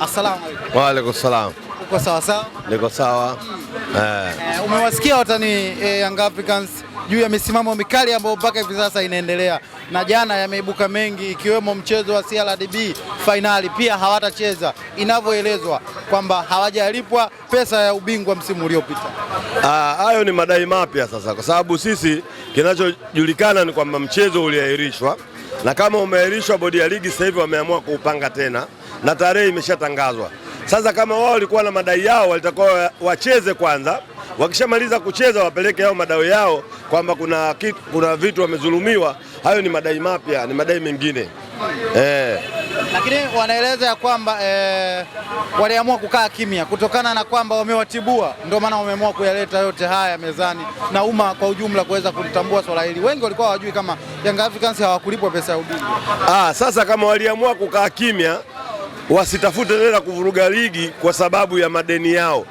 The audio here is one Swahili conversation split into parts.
Asalamu alaykum. Wa alaykum salaam. Uko sawa sawa? Niko sawa. Eh. eh. Umewasikia watani eh, Young Africans juu ya misimamo mikali ambayo mpaka hivi sasa inaendelea, na jana yameibuka mengi, ikiwemo mchezo wa CRDB fainali pia hawatacheza, inavyoelezwa kwamba hawajalipwa pesa ya ubingwa msimu uliopita. Ah, hayo ni madai mapya sasa, kwa sababu sisi kinachojulikana ni kwamba mchezo uliahirishwa, na kama umeahirishwa, bodi ya ligi sasa hivi wameamua kuupanga tena na tarehe imeshatangazwa. Sasa kama wao walikuwa na madai yao, walitakuwa wacheze kwanza, wakishamaliza kucheza wapeleke yao madai yao kwamba kuna, kuna vitu wamezulumiwa Hayo ni madai mapya, ni madai mengine eh. Lakini wanaeleza ya kwamba eh, waliamua kukaa kimya kutokana na kwamba wamewatibua, ndio maana wameamua kuyaleta yote haya mezani na umma kwa ujumla kuweza kulitambua swala hili. Wengi walikuwa hawajui kama Young Africans hawakulipwa pesa ya ubingwa. Ah, sasa kama waliamua kukaa kimya wasitafute tena kuvuruga ligi kwa sababu ya madeni yao.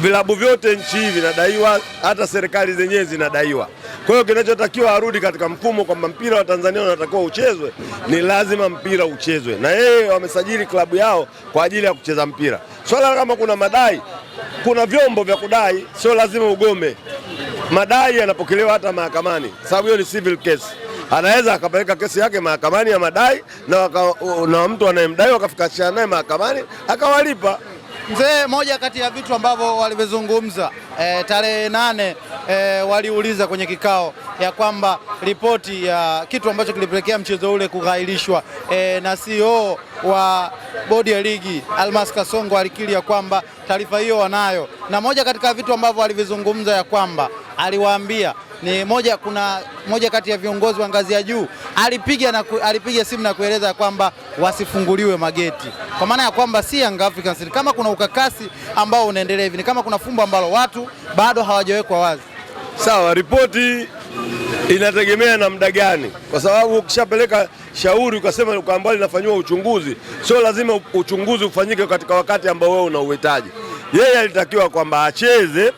Vilabu vyote nchi hii vinadaiwa, hata serikali zenyewe zinadaiwa. Kwa hiyo kinachotakiwa arudi katika mfumo kwamba mpira wa Tanzania unatakiwa uchezwe, ni lazima mpira uchezwe, na yeye wamesajili klabu yao kwa ajili ya kucheza mpira. Swala kama kuna madai, kuna vyombo vya kudai, sio lazima ugome. Madai yanapokelewa hata mahakamani, sababu hiyo ni civil case anaweza akapeleka kesi yake mahakamani ya madai na, waka, na mtu anayemdai wakafikishana naye mahakamani akawalipa. Mzee, moja kati ya vitu ambavyo walivyozungumza e, tarehe nane e, waliuliza kwenye kikao ya kwamba ripoti ya kitu ambacho kilipelekea mchezo ule kughairishwa eh, e, na CEO wa bodi ya ligi Almas Kasongo alikiri ya kwamba taarifa hiyo wanayo, na moja katika vitu ambavyo walivyozungumza ya kwamba aliwaambia ni moja, kuna moja kati ya viongozi wa ngazi ya juu alipiga na alipiga simu na kueleza kwamba wasifunguliwe mageti, kwa maana ya kwamba si Young Africans kama kuna ukakasi ambao unaendelea hivi, ni kama kuna fumbo ambalo watu bado hawajawekwa wazi. Sawa, ripoti inategemea na muda gani, kwa sababu ukishapeleka shauri ukasema ukaambao linafanyiwa uchunguzi, sio lazima uchunguzi ufanyike katika wakati ambao wewe unauhitaji. Yeye alitakiwa kwamba acheze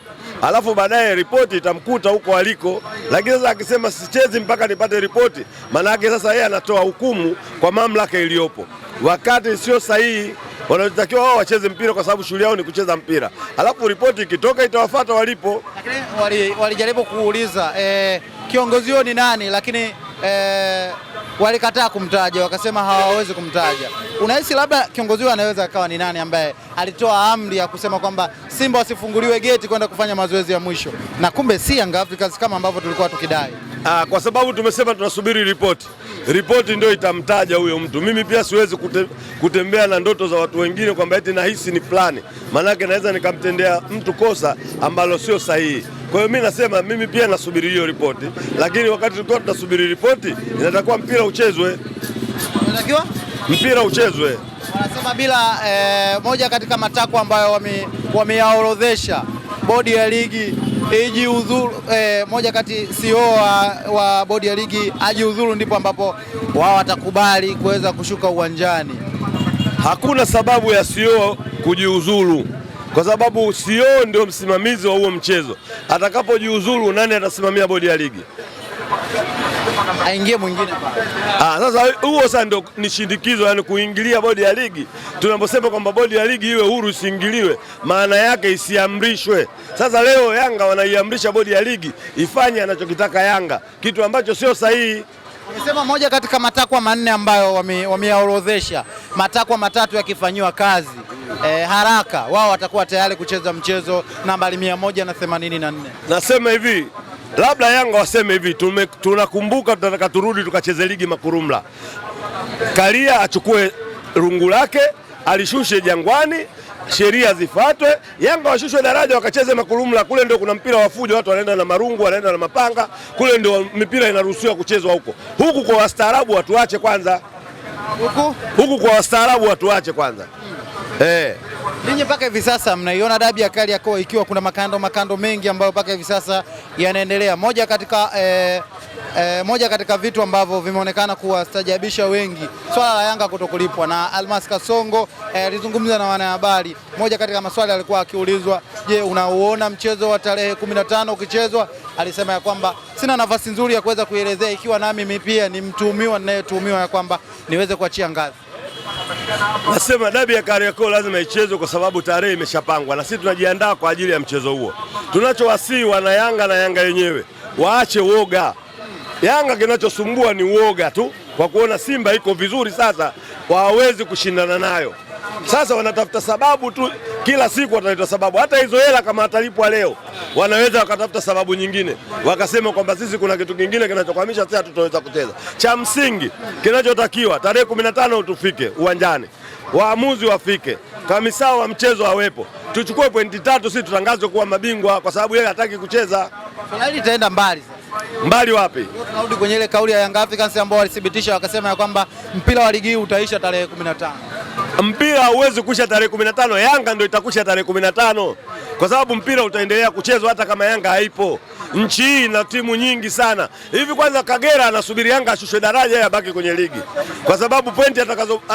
alafu baadaye ripoti itamkuta huko aliko. Lakini sasa akisema sichezi mpaka nipate ripoti, yake sasa yeye anatoa hukumu kwa mamlaka iliyopo, wakati sio sahihi. wanatakiwa wao wacheze mpira kwa sababu shughuli yao ni kucheza mpira, alafu ripoti ikitoka itawafata walipo. Lakini walijaribu kuuliza eh, kiongozi huyo ni nani, lakini eh, walikataa kumtaja, wakasema hawawezi kumtaja. Unahisi labda kiongozi huyo anaweza akawa ni nani ambaye alitoa amri ya kusema kwamba Simba wasifunguliwe geti kwenda kufanya mazoezi ya mwisho, na kumbe si Young Africans kama ambavyo tulikuwa tukidai? Aa, ah, kwa sababu tumesema tunasubiri ripoti. Ripoti ndio itamtaja huyo mtu. Mimi pia siwezi kute, kutembea na ndoto za watu wengine kwamba eti nahisi ni fulani, maanake naweza nikamtendea mtu kosa ambalo sio sahihi. Kwa hiyo mi nasema mimi pia nasubiri hiyo ripoti, lakini wakati tulikuwa tunasubiri ripoti, inatakiwa mpira uchezwe, unatakiwa mpira uchezwe. Wanasema bila eh, moja katika matakwa ambayo wameyaorodhesha bodi ya ligi ijiuzuru eh, moja kati CEO wa, wa bodi ya ligi ajiuzuru, ndipo ambapo wao watakubali kuweza kushuka uwanjani. Hakuna sababu ya CEO kujiuzuru kwa sababu CEO ndio msimamizi wa huo mchezo. Atakapojiuzuru, nani atasimamia bodi ya ligi? Aingie mwingine ah. Sasa huo sasa ndio ni shindikizo, yani kuingilia bodi ya ligi. Tunaposema kwamba bodi ya ligi iwe huru, isiingiliwe, maana yake isiamrishwe. Sasa leo Yanga wanaiamrisha bodi ya ligi ifanye anachokitaka Yanga, kitu ambacho sio sahihi. Amesema moja katika matakwa manne ambayo wameyaorodhesha, wame matakwa matatu yakifanyiwa kazi e, haraka wao watakuwa tayari kucheza mchezo nambari 184. Na na nasema hivi labda Yanga waseme hivi, tunakumbuka tunataka turudi tukacheze ligi Makurumla, Karia achukue rungu lake alishushe Jangwani sheria zifuatwe, Yanga washushwe daraja wakacheze makurumla. Kule ndio kuna mpira wa fujo, watu wanaenda na marungu, wanaenda na mapanga. Kule ndio mipira inaruhusiwa kuchezwa huko. Huku kwa wastaarabu watu wache kwanza, huku kwa wastaarabu watu wache kwanza, hmm. eh. Ninyi mpaka hivi sasa mnaiona dabi ya Kariakoo ikiwa kuna makando makando mengi ambayo mpaka hivi sasa yanaendelea. Moja katika, eh, eh, moja katika vitu ambavyo vimeonekana kuwastajabisha wengi swala la Yanga kutokulipwa na Almas Kasongo eh, alizungumza eh, na wanahabari. Moja katika maswali alikuwa akiulizwa, je, unauona mchezo wa tarehe 15 ukichezwa? Alisema ya kwamba sina nafasi nzuri ya kuweza kuielezea ikiwa nami pia ni mtuhumiwa ninayetuhumiwa ya kwamba niweze kuachia ngazi Nasema dabi ya Kariakoo lazima ichezwe kwa sababu tarehe imeshapangwa na sisi tunajiandaa kwa ajili ya mchezo huo. Tunachowasii wana Yanga na Yanga yenyewe waache woga. Yanga kinachosumbua ni woga tu, kwa kuona Simba iko vizuri sasa, hawawezi kushindana nayo. Sasa wanatafuta sababu tu, kila siku wataleta sababu. Hata hizo hela kama atalipwa leo, wanaweza wakatafuta sababu nyingine, wakasema kwamba sisi kuna kitu kingine kinachokwamisha sasa tutaweza kucheza. Cha msingi kinachotakiwa tarehe 15 tufike uwanjani, waamuzi wafike, kamisa wa mchezo awepo, tuchukue pointi tatu, sisi tutangazwe kuwa mabingwa, kwa sababu yeye hataki kucheza. Finali itaenda mbali mbali wapi? Tunarudi kwenye ile kauli ya Young Africans ambao walithibitisha wakasema ya kwamba mpira wa ligi hii utaisha tarehe 15 mpira hauwezi kuisha tarehe 15. Yanga ndio itakwisha tarehe 15 kwa sababu mpira utaendelea kuchezwa hata kama Yanga haipo. Nchi hii ina timu nyingi sana hivi. Kwanza Kagera anasubiri Yanga ashushwe daraja, yeye abaki kwenye ligi, kwa sababu pointi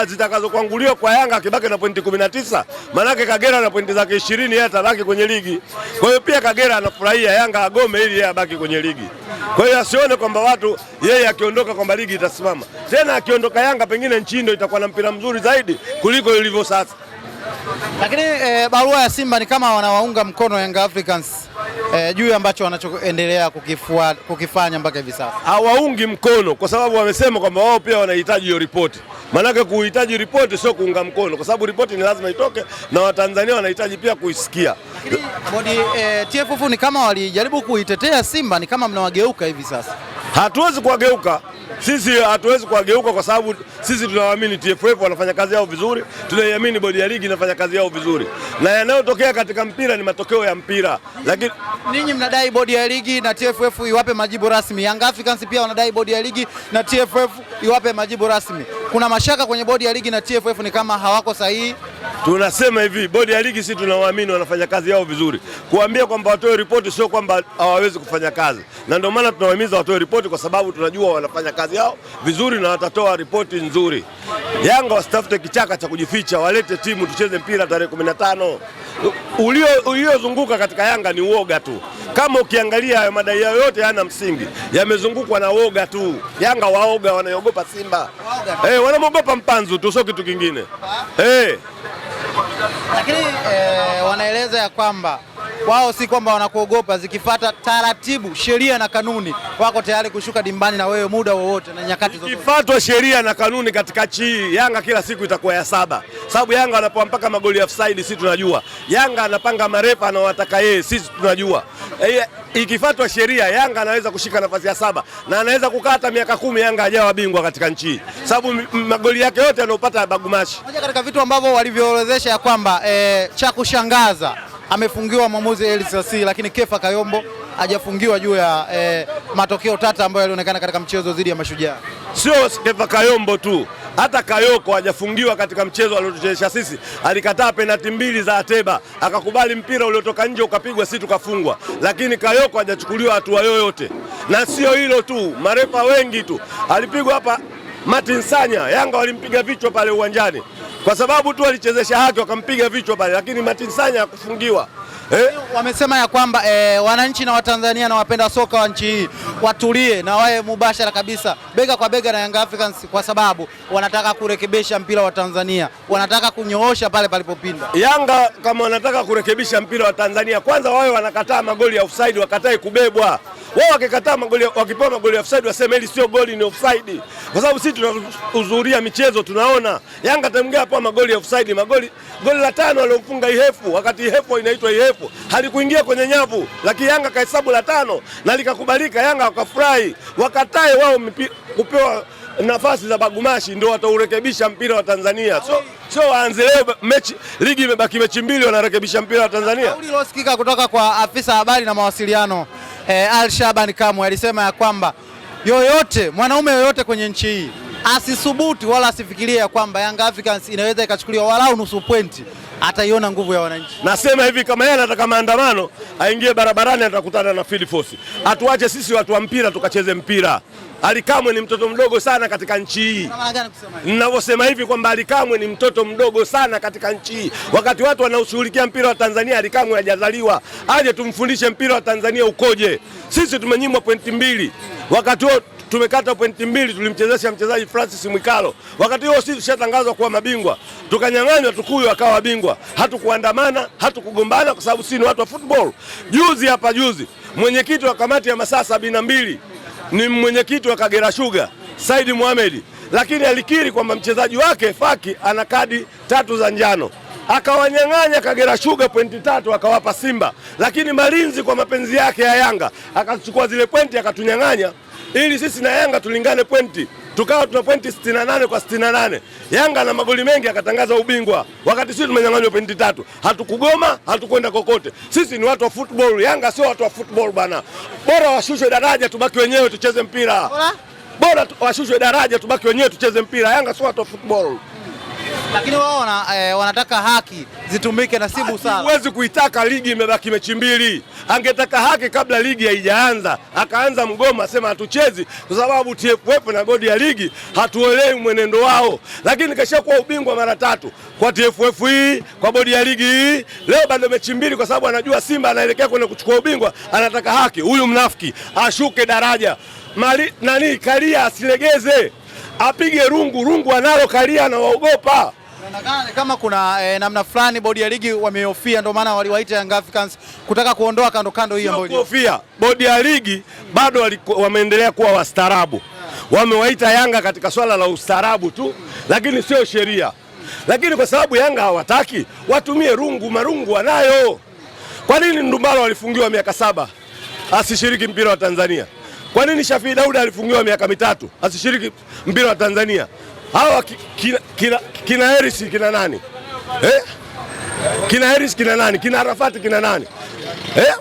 zitakazokwanguliwa kwa Yanga akibaki na pointi 19, maanake Kagera na pointi zake 20, yeye atabaki kwenye ligi. Kwa hiyo pia Kagera anafurahia Yanga agome ili yeye abaki kwenye ligi. Kwa hiyo asione kwamba watu yeye akiondoka kwamba ligi itasimama tena. Akiondoka Yanga, pengine nchi ndio itakuwa na mpira mzuri zaidi kuliko ilivyo sasa. Lakini e, barua ya Simba ni kama wanawaunga mkono Young Africans e, juu ambacho wanachoendelea kukifua, kukifanya mpaka hivi sasa. Hawaungi mkono kwa sababu wamesema kwamba wao pia wanahitaji hiyo ripoti. Maanake kuhitaji ripoti sio kuunga mkono, kwa sababu ripoti ni lazima itoke na Watanzania wanahitaji pia kuisikia. Lakini bodi e, eh, TFF ni kama walijaribu kuitetea Simba, ni kama mnawageuka hivi sasa. Hatuwezi kuwageuka sisi hatuwezi kuwageuka kwa sababu sisi tunawaamini TFF wanafanya kazi yao vizuri, tunaiamini bodi ya ligi inafanya kazi yao vizuri, na yanayotokea katika mpira ni matokeo ya mpira. Lakini ninyi mnadai bodi ya ligi na TFF iwape majibu rasmi. Young Africans pia wanadai bodi ya ligi na TFF iwape majibu rasmi. Kuna mashaka kwenye bodi ya ligi na TFF, ni kama hawako sahihi. Tunasema hivi, bodi ya ligi sisi tunawaamini wanafanya kazi yao vizuri. Kuambia kwamba watoe ripoti sio kwamba hawawezi kufanya kazi, na ndio maana tunawahimiza watoe ripoti, kwa sababu tunajua wanafanya kazi kazi yao vizuri na watatoa ripoti nzuri. Yanga wasitafute kichaka cha kujificha, walete timu tucheze mpira tarehe 15. Ulio uliozunguka katika Yanga ni uoga tu. Kama ukiangalia hayo madai yao yote hayana msingi, yamezungukwa na uoga tu. Yanga waoga, wanaogopa Simba eh, hey, wanamogopa mpanzu tu, sio kitu kingine eh hey. Lakini eh, wanaeleza ya kwamba wao si kwamba wanakuogopa, zikifata taratibu, sheria na kanuni, wako tayari kushuka dimbani na wewe muda wowote na nyakati zote. Ikifuatwa sheria na kanuni katika chi Yanga kila siku itakuwa ya saba, sababu Yanga wanapewa mpaka magoli ya offside, sisi tunajua. Yanga anapanga marefa anawataka yeye, sisi tunajua. E, eh, ikifuatwa sheria Yanga anaweza kushika nafasi ya saba na anaweza kukaa hata miaka kumi Yanga hajawa bingwa katika nchi, sababu magoli yake yote anaopata ya Bagumashi. Moja katika vitu ambavyo walivyoorodhesha ya kwamba e, cha kushangaza amefungiwa mwamuzi Elsasi, lakini Kefa Kayombo hajafungiwa juu ya eh, matokeo tata ambayo yalionekana katika mchezo dhidi ya Mashujaa. Sio Kefa Kayombo tu, hata Kayoko hajafungiwa katika mchezo aliotuchezesha sisi. Alikataa penati mbili za Ateba, akakubali mpira uliotoka nje ukapigwa, si tukafungwa, lakini Kayoko hajachukuliwa hatua yoyote. Na sio hilo tu, marefa wengi tu alipigwa hapa. Martin Sanya Yanga walimpiga vichwa pale uwanjani kwa sababu tu alichezesha haki wakampiga vichwa pale, lakini Martin Sanya hakufungiwa eh? Wamesema ya kwamba eh, wananchi na Watanzania na wapenda soka wa nchi hii watulie na wawe mubashara kabisa bega kwa bega na Young Africans, kwa sababu wanataka kurekebisha mpira wa Tanzania, wanataka kunyoosha pale palipopinda. Yanga kama wanataka kurekebisha mpira wa Tanzania, kwanza wawe wanakataa magoli ya offside, wakatae kubebwa wao wakikataa magoli, wakipewa magoli ya offside waseme hili sio goli, ni offside, kwa sababu sisi tunahudhuria michezo tunaona. Yanga tamgea hapo magoli ya offside, magoli goli la tano aliofunga Ihefu, wakati Ihefu inaitwa Ihefu, halikuingia kwenye nyavu, lakini Yanga kahesabu la tano na likakubalika. Yanga wakafurahi, wakatae wao kupewa nafasi za bagumashi, ndio wataurekebisha mpira wa Tanzania. So so waanze leo mechi, ligi imebaki mechi mbili, wanarekebisha mpira wa Tanzania. Kauli iliyosikika kutoka kwa afisa habari na mawasiliano eh, Al Shaban Kamwe alisema ya kwamba yoyote mwanaume yoyote kwenye nchi hii asisubuti wala asifikiria kwamba Young Africans inaweza ikachukuliwa walau nusu pointi, ataiona nguvu ya wananchi. Nasema hivi, kama yeye anataka maandamano aingie barabarani, atakutana na field force. Atuache sisi watu wa mpira tukacheze mpira. Alikamwe ni mtoto mdogo sana katika nchi hii. Ninavyosema hivi kwamba Alikamwe ni mtoto mdogo sana katika nchi hii, wakati watu wanaoshughulikia mpira wa Tanzania Alikamwe hajazaliwa. Aje tumfundishe mpira wa Tanzania ukoje. Sisi tumenyimwa pointi mbili wakati tumekata pointi mbili, tulimchezesha mchezaji Francis Mwikalo. Wakati huo sisi tushatangazwa kuwa mabingwa, tukanyang'anywa Tukuyu akawa bingwa. Hatukuandamana, hatukugombana kwa sababu sisi ni watu wa football. Juzi hapa juzi, mwenyekiti wa kamati ya masaa sabini na mbili ni mwenyekiti wa Kagera Sugar Said Mohamed, lakini alikiri kwamba mchezaji wake Faki ana kadi tatu za njano akawanyang'anya Kagera Sugar pointi tatu akawapa Simba, lakini Malinzi kwa mapenzi yake ya Yanga akachukua zile pointi akatunyang'anya ili sisi na Yanga tulingane pointi, tukawa tuna pointi 68 kwa 68. Yanga na magoli mengi akatangaza ubingwa, wakati sisi tumenyang'anywa pointi tatu. Hatukugoma, hatukwenda kokote. Sisi ni watu wa football, Yanga sio watu wa football bana. Bora washushwe daraja, tubaki wenyewe tucheze mpira. Bora washushwe daraja, tubaki wenyewe tucheze mpira. Yanga sio watu wa football lakini wao wana, eh, wanataka haki zitumike na si busara. Huwezi kuitaka ligi imebaki mechi mbili. Angetaka haki kabla ligi haijaanza, akaanza mgomo asema hatuchezi kwa sababu TFF na bodi ya ligi hatuelewi mwenendo wao, lakini kashakuwa ubingwa mara tatu kwa TFF hii, kwa bodi ya ligi hii, leo bado mechi mbili, kwa sababu anajua Simba anaelekea kwenda kuchukua ubingwa, anataka haki. Huyu mnafiki ashuke daraja Mali, nani Kalia asilegeze apige rungu rungu, analo Kalia anawaogopa Inaonekana kama kuna eh, namna fulani bodi ya ligi wamehofia, ndio maana waliwaita Young Africans kutaka kuondoa kando kando hiyo ambayo hofia. Bodi ya ligi bado wameendelea kuwa wastaarabu, wamewaita Yanga katika swala la ustaarabu tu, lakini sio sheria. Lakini kwa sababu Yanga hawataki watumie rungu, marungu wanayo. Kwa nini Ndumbalo alifungiwa miaka saba asishiriki mpira wa Tanzania? Kwa nini Shafii Daudi alifungiwa miaka mitatu asishiriki mpira wa Tanzania? hawa kina, kina, kina kina nani eh? kina Harris kina nani kina Arafati kina nani eh?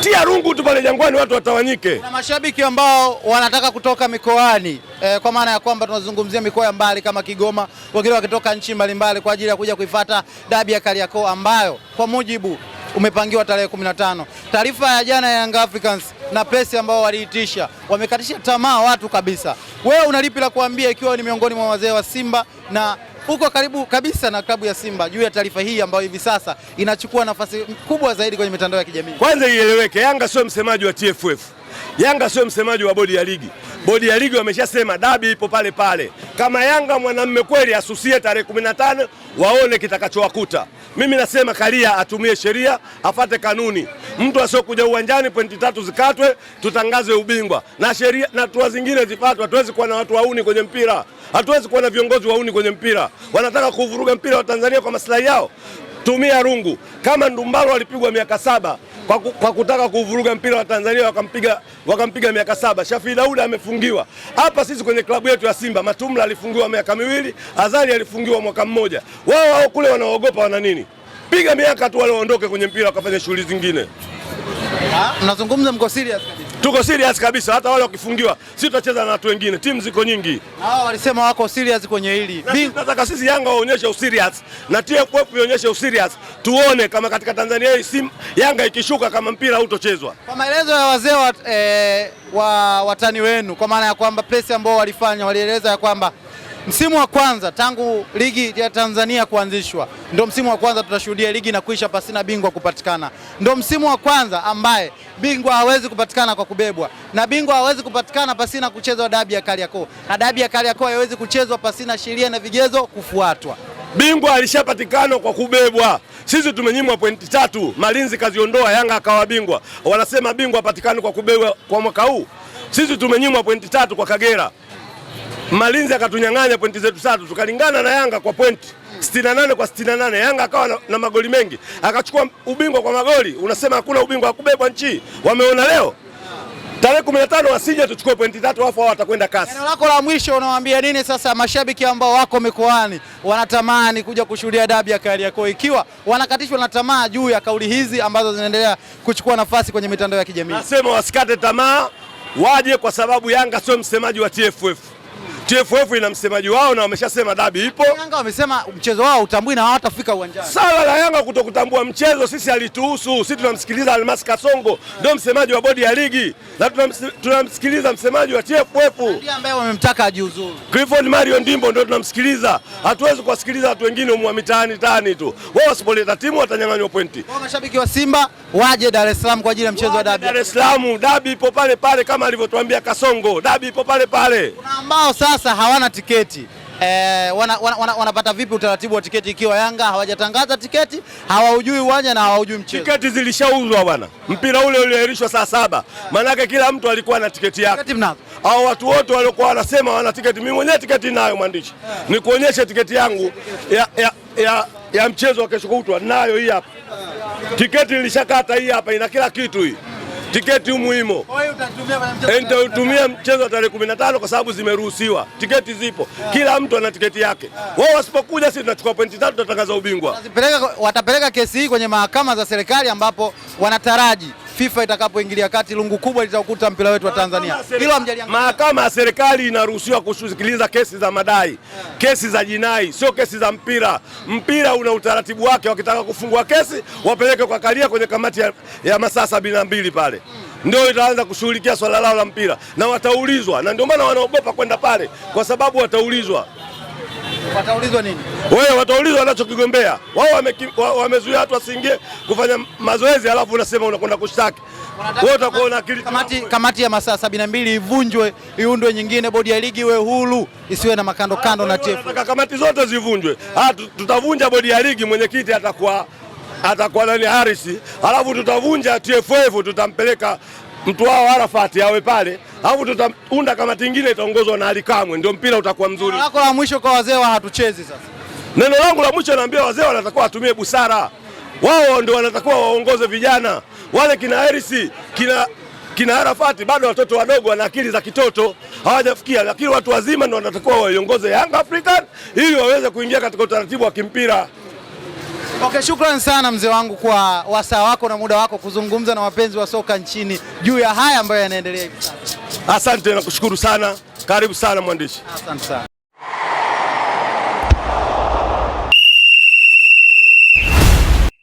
Tia rungu tu pale Jangwani, watu watawanyike. Na mashabiki ambao wanataka kutoka mikoani e, kwa maana ya kwamba tunazungumzia mikoa ya mbali kama Kigoma, wengine wakitoka nchi mbalimbali kwa ajili ya kuja kuifuata dabi ya Kariakoo ambayo kwa mujibu umepangiwa tarehe 15. Taarifa ya jana ya Young Africans na pesi ambao waliitisha, wamekatisha tamaa watu kabisa. Wewe unalipi la kuambia, ikiwa ni miongoni mwa wazee wa Simba na uko karibu kabisa na klabu ya Simba juu ya taarifa hii ambayo hivi sasa inachukua nafasi kubwa zaidi kwenye mitandao ya kijamii? Kwanza ieleweke, Yanga sio msemaji wa TFF. Yanga sio msemaji wa bodi ya ligi. Bodi ya ligi wameshasema dabi ipo pale pale. Kama Yanga mwanamme kweli, asusie tarehe 15, waone kitakachowakuta. Mimi nasema Karia atumie sheria, afate kanuni. Mtu asiokuja uwanjani pointi tatu zikatwe, tutangaze ubingwa na sheria na hatua zingine zipatwe Hatuwezi kuwa na watu wauni kwenye mpira, hatuwezi kuwa na viongozi wauni kwenye mpira. Wanataka kuvuruga mpira wa Tanzania kwa maslahi yao. Tumia rungu. Kama Ndumbaro alipigwa miaka saba kwa, kwa kutaka kuvuruga mpira wa Tanzania wakampiga wakampiga miaka saba. Shafi Dauda amefungiwa hapa. Sisi kwenye klabu yetu ya Simba Matumla alifungiwa miaka miwili, Azali alifungiwa mwaka mmoja. Wao wao kule wanaogopa wana nini? Piga miaka tu wale waondoke kwenye mpira wakafanya shughuli zingine. Ah, mnazungumza mko serious? Tuko serious kabisa, hata wale wakifungiwa, sisi tutacheza na watu wengine. Timu ziko nyingi, hao walisema wako serious kwenye hili. Nataka sisi Yanga waonyeshe userious na TFF ionyeshe userious, tuone kama katika Tanzania hii simu Yanga ikishuka kama mpira hautochezwa. Kwa maelezo ya wazee wa, eh, wa watani wenu, kwa maana ya kwamba press ambao walifanya walieleza ya kwamba Msimu wa kwanza tangu ligi ya Tanzania kuanzishwa ndo msimu wa kwanza tutashuhudia ligi na kuisha pasina bingwa kupatikana. Ndo msimu wa kwanza ambaye bingwa hawezi kupatikana kwa kubebwa, na bingwa hawezi kupatikana pasina kuchezwa dabi ya Kariakoo, na dabi ya Kariakoo haiwezi kuchezwa pasina sheria na vigezo kufuatwa. Bingwa alishapatikana kwa kubebwa. Sisi tumenyimwa pointi tatu, Malinzi kaziondoa, Yanga akawa bingwa. Wanasema bingwa apatikane kwa kubebwa kwa mwaka huu. Sisi tumenyimwa pointi tatu kwa Kagera. Malinzi akatunyang'anya pointi zetu tatu, tukalingana na Yanga kwa pointi 68 kwa 68. Yanga akawa na, na magoli mengi akachukua ubingwa kwa magoli. Unasema hakuna ubingwa, akubebwa nchi. Wameona leo tarehe 15 wasije tuchukue pointi tatu, afu hao watakwenda kasi. Neno lako la mwisho unawaambia nini sasa mashabiki ambao wako mikoani wanatamani kuja kushuhudia dabi ya Kariakoo, ikiwa wanakatishwa na tamaa juu ya kauli hizi ambazo zinaendelea kuchukua nafasi kwenye mitandao ya kijamii? Nasema wasikate tamaa, waje kwa sababu Yanga sio msemaji wa TFF. TFF ina msemaji wao na wameshasema dabi ipo. Yanga wamesema mchezo wao utambui na hawatafika uwanjani. Sala la Yanga kutokutambua mchezo sisi alituhusu, sisi tunamsikiliza Almas Kasongo ndio msemaji wa bodi ya ligi na tunamsikiliza msemaji wa TFF. Ndio ambaye wamemtaka ajiuzuru. Clifford Mario Ndimbo ndio tunamsikiliza. Hatuwezi kuwasikiliza watu wengine wa mitaani tani tu. Wao wasipoleta timu watanyang'anywa pointi. Kwa mashabiki wa Simba waje Dar es Salaam kwa ajili ya mchezo wa dabi. Dar es Salaam dabi ipo pale pale kama alivyotuambia Kasongo. Dabi ipo pale pale. Kuna ambao sasa sasa hawana tiketi e, eh, wanapata wana, wana vipi utaratibu wa tiketi ikiwa Yanga hawajatangaza tiketi, hawaujui uwanja na hawaujui mchezo? Tiketi zilishauzwa bwana, mpira ule uliahirishwa saa saba, maanake kila mtu alikuwa na tiketi yake. Hao watu wote waliokuwa wanasema wana tiketi, mimi mwenyewe tiketi ninayo mwandishi, eh. nikuonyeshe tiketi yangu ya, ya, ya, ya mchezo wa kesho kutwa, ninayo hii hapa. Eh. Tiketi nilishakata hii hapa, ina kila kitu hii tiketi umuhimo eh, nitautumia mchezo wa tarehe kumi na tano kwa sababu zimeruhusiwa tiketi, zipo yeah. Kila mtu ana tiketi yake yeah. Wao wasipokuja, sisi tunachukua pointi tatu, tutatangaza ubingwa. Watapeleka kesi hii kwenye mahakama za serikali ambapo wanataraji FIFA itakapoingilia kati, lungu kubwa litakuta mpira wetu wa Tanzania. Hilo hamjaliangalia. Mahakama ya serikali inaruhusiwa kusikiliza kesi za madai yeah, kesi za jinai, sio kesi za mpira. Mpira una utaratibu wake, wakitaka kufungua kesi wapeleke kwa Kalia kwenye kamati ya, ya masaa sabini na mbili pale mm ndio itaanza kushughulikia swala lao la mpira na wataulizwa, na ndio maana wanaogopa kwenda pale, kwa sababu wataulizwa. Wataulizwa nini? Wewe wataulizwa wanachokigombea wao. Wamezuia watu wasiingie kufanya mazoezi, alafu unasema unakwenda kushtaki. Wewe utakuwa na akili. Kamati, kamati ya masaa 72 ivunjwe, iundwe nyingine, bodi ya ligi iwe huru, isiwe na makando kando na TFF. Kamati zote zivunjwe. Ah, tutavunja bodi ya ligi, mwenyekiti atakuwa atakuwa nani Harris, alafu tutavunja TFF, tutampeleka mtu wao Arafati awe pale au tutaunda kamati nyingine itaongozwa na Alikamwe, ndio mpira utakuwa mzuri. Neno lako la mwisho kwa wazee wa hatuchezi sasa? Neno langu la mwisho naambia wazee wanatakiwa watumie busara, wao ndio wanatakiwa waongoze vijana wale, kina Hersi kina kina Arafati bado watoto wadogo, wana akili za kitoto hawajafikia, lakini watu wazima ndio wanatakiwa waiongoze Young African ili waweze kuingia katika utaratibu wa kimpira. Okay, shukrani sana mzee wangu kwa wasaa wako na muda wako kuzungumza na wapenzi wa soka nchini juu ya haya ambayo yanaendelea hivi sasa. Asante na kushukuru sana, karibu sana mwandishi. Asante sana.